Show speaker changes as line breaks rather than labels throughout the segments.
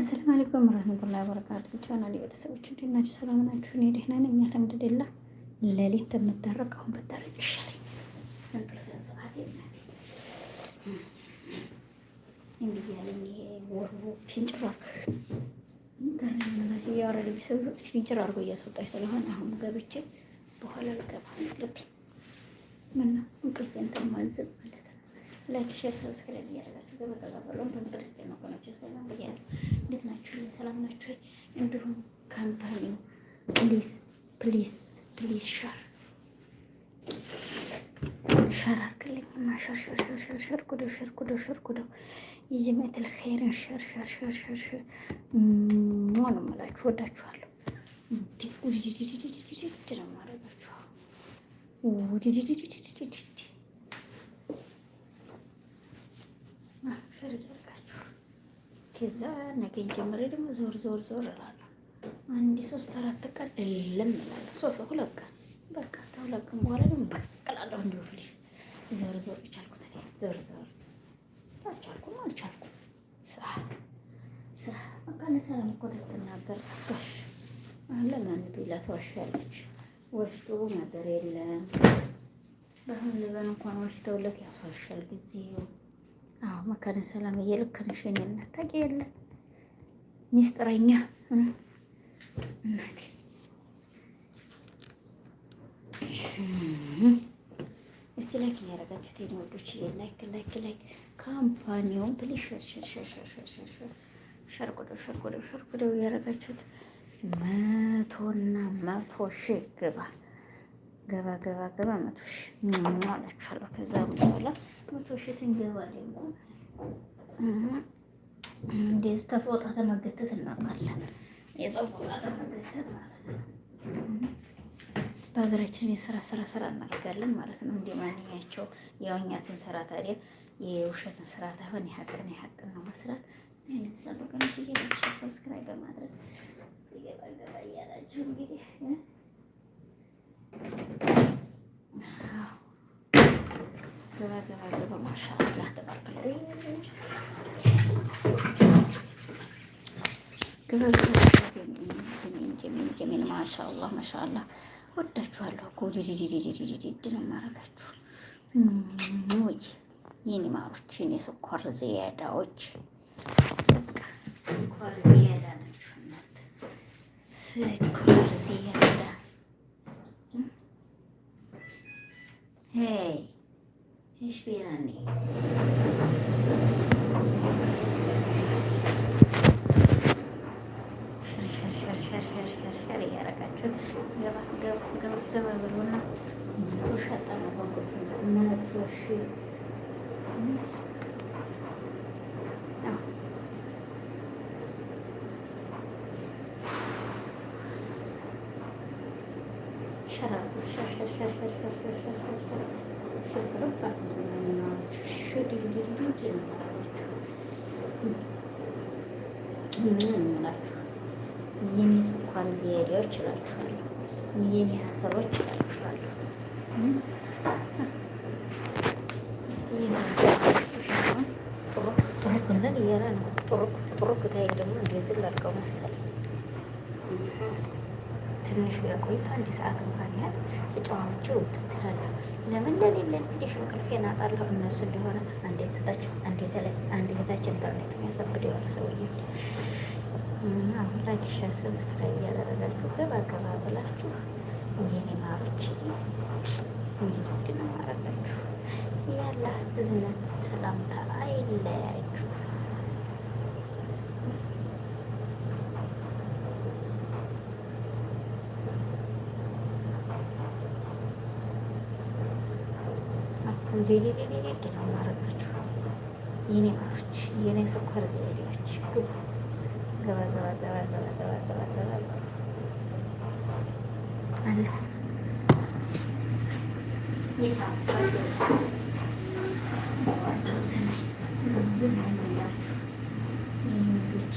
አሰላም አለይኩም ወራህመቱላሂ ወበረካቱ። ቻናል ቤተሰቦች እንዴት ናችሁ? ሰላም ናችሁ? እኔ ደህና ነኝ አልሐምዱሊላህ። ሌሊት ተመታረቅ አሁን በታረቅ ይሻለኛል። እንግዲህ ያለኝ አድርጎ እያስወጣኝ ስለሆነ አሁን ገብቼ በኋላ ልገባ እንትን ማዘብ ማለት ነው። ላይክ ሼር ሰብስክራይብ እያደረጋችሁ በመጠቃበሉ እንዲሁም ክርስቲያን ወገኖች ሰላም ብያለሁ። እንዴት ናችሁ? ሰላም ናችሁ? እንዲሁም ካምፓኒው ፕሊዝ ፕሊዝ ፕሊዝ ሸር ሸር አድርግልኝ እና ሸር ሸር ሸር ሸር ሸር ጉዶ ሸር ጉዶ ሸር ጉዶ የጀመተል ኸይርን ሸር ሸር ሸር ሸር ሸር ማ ነው የምላችሁ። ወዳችኋለሁ። እንዴ ውድድድድድድድድ ነው የማደርጋችሁ ውድድድድድድድድ ማፈር እያልቃችሁ ከዛ ነገኝ ጀምሬ ደግሞ ዞር ዞር ዞር እላለሁ። አንድ ሶስት አራት ቀን እልም እላለሁ። ሶስት ሁለት ቀን በቃ ተሁለት ቀን በኋላ ደግሞ በቀላለሁ። እንዲሁ ፍልሽ ዞር ዞር ቻልኩት ዞር ዞር አልቻልኩም አልቻልኩም። ስራ ስራ በቃ ለሰላም እኮ ትትናገር ጋሽ ለማን ቢላ ተዋሻለች። ወስዶ ነገር የለም በህዝበን እንኳን ወሽተውለት ያስዋሻል ጊዜው አዎ መካነ ሰላም እየልክ ነሽ የእኔ እናት ታውቂያለሽ፣ ሚስጥረኛ እናቴ። እስቲ ላይክ እያደረጋችሁት የእኔ ወዶች ላይክ ላይክ ላይክ ካምፓኒውን ፕሊዝ ሸርጉደው ሸርጉደው ሸርጉደው እያደረጋችሁት መቶና መቶ ሺህ ግባ ገባ ገባ ገባ መቶ ሺህ አላችኋለሁ። ከዛ በኋላ መቶ ሺህ ትንገባለን እኮ እንደዚህ ተፎጣ ተመገተት እናውቃለን። የሰው ተመገተት ማለት በሀገራችን የስራ ስራ ስራ እናደርጋለን ማለት ነው። እንደ ማንኛቸው የውኛትን ስራ ታዲያ የውሸትን ስራ ታሆን የሀቅን የሀቅን ነው መስራት ይህንን ስራ በቀንሽ ሰብስክራይብ በማድረግ ገባ ገባ እያላችሁ እንግዲህ ገባ ገባ ገባ ማሻአላህ ተባረከ ማሻአላህ ማሻአላህ ወዳችኋለሁ እኮ ነው የማደርጋችሁ ማሮች ስኳር ስኳር ናችሁ እናንተ ስኳር Hey, ich bin Annie. ገመብሉና መቶ ሺህ ጠና በጎች መቶ şaraplı şaşa şaşa şaşa şaşa şaşırıp bakmıyorum ya. Şu dildirgin ምን ምላችሁ የኔ ስኳር ዜሪያ ይችላችኋል፣ የኔ ሀሳቦች ይችላችኋል። ጥሩክ ጥሩክ ታይ ደግሞ እንደዚህ ላድርገው መሰለኝ ትንሽ ቆይቶ አንድ ሰዓት እንኳን ያህል ተጫዋቾች ውጥ ትላለ። ለምን ለሌለን ትንሽ እንቅልፍ የናጣለሁ። እነሱ እንደሆነ አንድ ተታቸው አንድ ተላይ አንድ ቤታች ኢንተርኔት የሚያሰግድ የሆነ ሰውዬ አሁን ላይክ፣ ሼር፣ ሰብስክራይብ እያደረጋችሁ ገባ ገባ ብላችሁ የኔ ማሮች እንዴት ድነው ማረጋችሁ? ያላ እዝነት ሰላምታ አይለያችሁ። ዱዴዴዴዴድ ነው ማረጋችሁ። የኔ ማሮች፣ የኔ ስኳር ዘዴዎች ገባ ገባ ገባ ገባ ገባ ገባ ገባ አለ ዝም ዝም ይላችሁ ይህን ልጅ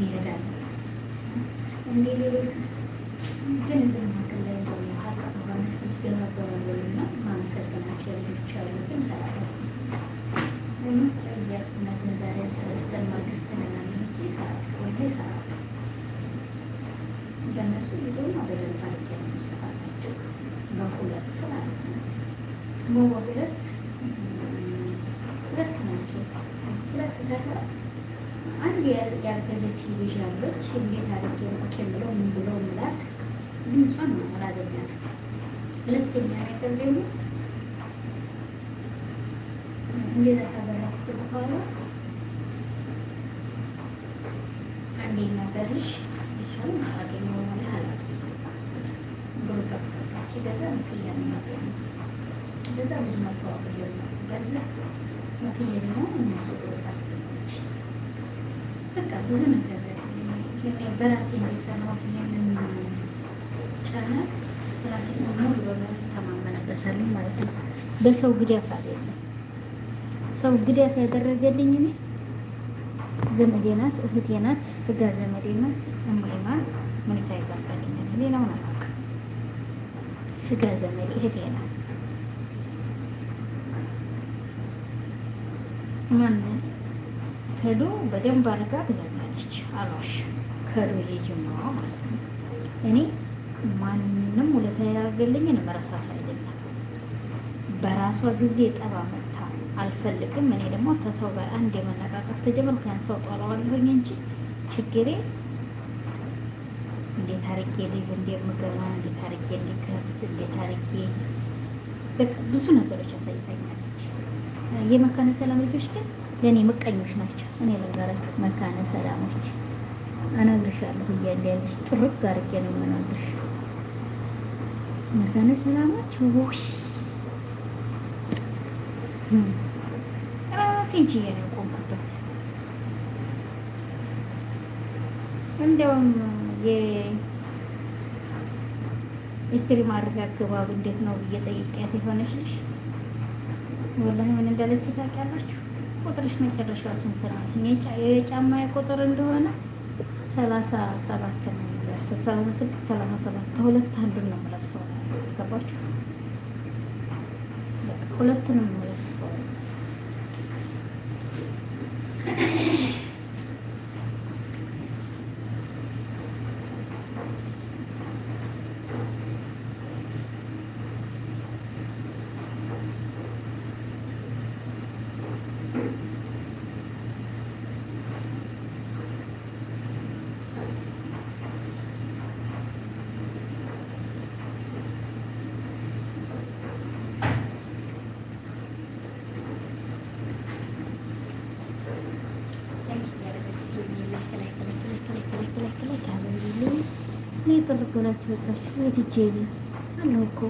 እንደዚህ ይሄዳል። እንደ ሌሎቹ ግን እዚህ መካከል ላይ እንደሆነ ሀቅ ተሆነ ስት ነበራለና ማመሰግናቸው ልጆች አሉ ግን ሰራለ እያቁነት ዛሬ ሰለስተ ማግስት ነና ይሰራል ወይ ይሰራል ለነሱ ቢሆን አበደ ይዣለች እንዴት አድርጌ የምለው ምን ብለው ምላት ልንሷን መሆን አደኛት። ሁለተኛ ነገር ደግሞ እንደዛ ካበራኩት በኋላ አንደኛ ገርሽ እሷን ማራገኝ ሆነ አላት። ብሩቅ አስቀጣች። ገዛ መክያ ማገኝ ገዛ ብዙ መተዋወቅ ገዛ መክያ ደግሞ እነሱ በቃ ብዙ ነገር በራሴ ይህንን ሙሉ በሙሉ ማለት ነው። በሰው ግዳፍ አይደለም። ሰው ግዳፍ ያደረገልኝ እኔ ዘመዴ ናት፣ እህቴ ናት፣ ስጋ ዘመዴ ናት። እምሪማ ሁኔታ ይዛባልኛል። ሌላውን አላውቅም። ስጋ ዘመዴ እህቴ ናት። ማን ከዱ በደንብ አድርጋ ትዘናለች። አሏሽ ከዱ ይጅማ ማለት ነው። እኔ ማንም ውለታ ያደረገልኝን መረሳት አይደለም። በራሷ ጊዜ ጠባ መታ አልፈልግም። እኔ ደግሞ ተሰው ጋር አንድ የመነቃቀፍ ተጀመርኩ። ያን ሰው ጠለዋለሁኝ እንጂ ችግሬ እንዴት አርጌ ልዩ እንደምገባ እንዴት አርጌ እንዲከፍት እንዴት አርጌ ብዙ ነገሮች ያሳይታኛለች። የመካነ ሰላም ልጆች ግን የኔ ምቀኞች ናቸው። እኔ ነገራችሁ መካነ ሰላሞች እነግርሻለሁ እያንዳንድሽ ጥርግ አድርጌ ነው የምነግርሽ። መካነ ሰላሞች ውይ ራሴን ችዬ ነው እንዲያውም የኢስትሪ ማድረግ አገባብ እንዴት ነው ብዬ ጠይቄያት የሆነች ልጅ ወላሂ ምን እንዳለች ታውቂያላችሁ? ቁጥርሽ መጨረሻው ስንት ነው? የጫማ ቁጥር እንደሆነ ሰላሳ ሰባት ነው የሚለብሰው። ሰላሳ ስድስት ሰላሳ ሰባት ሁለት አንዱን ነው የምለብሰው። ገባችሁ? ሁለቱንም እኔ ጥልቅ ብላችሁ ወጣችሁ የት ሂጄ እኔ አለሁ እኮ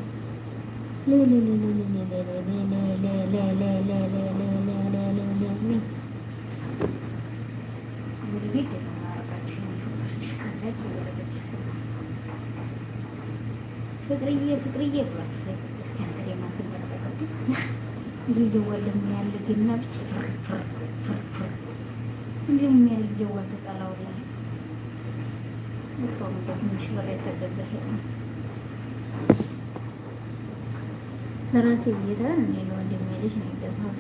ፍቅርዬ ፍቅርዬ ብሏችሁ እስኪ እንግዲህ ማትን በረቀቀብኝ ይህ እየወለም ያለ ግና ብቻ እንዲሁም ያለ እየወል ተጠላው ዩኒፎርም በትንሽ ለራሴ ብዬ እኔ ለወንድሜ ልጅ ነው የገዛሁት።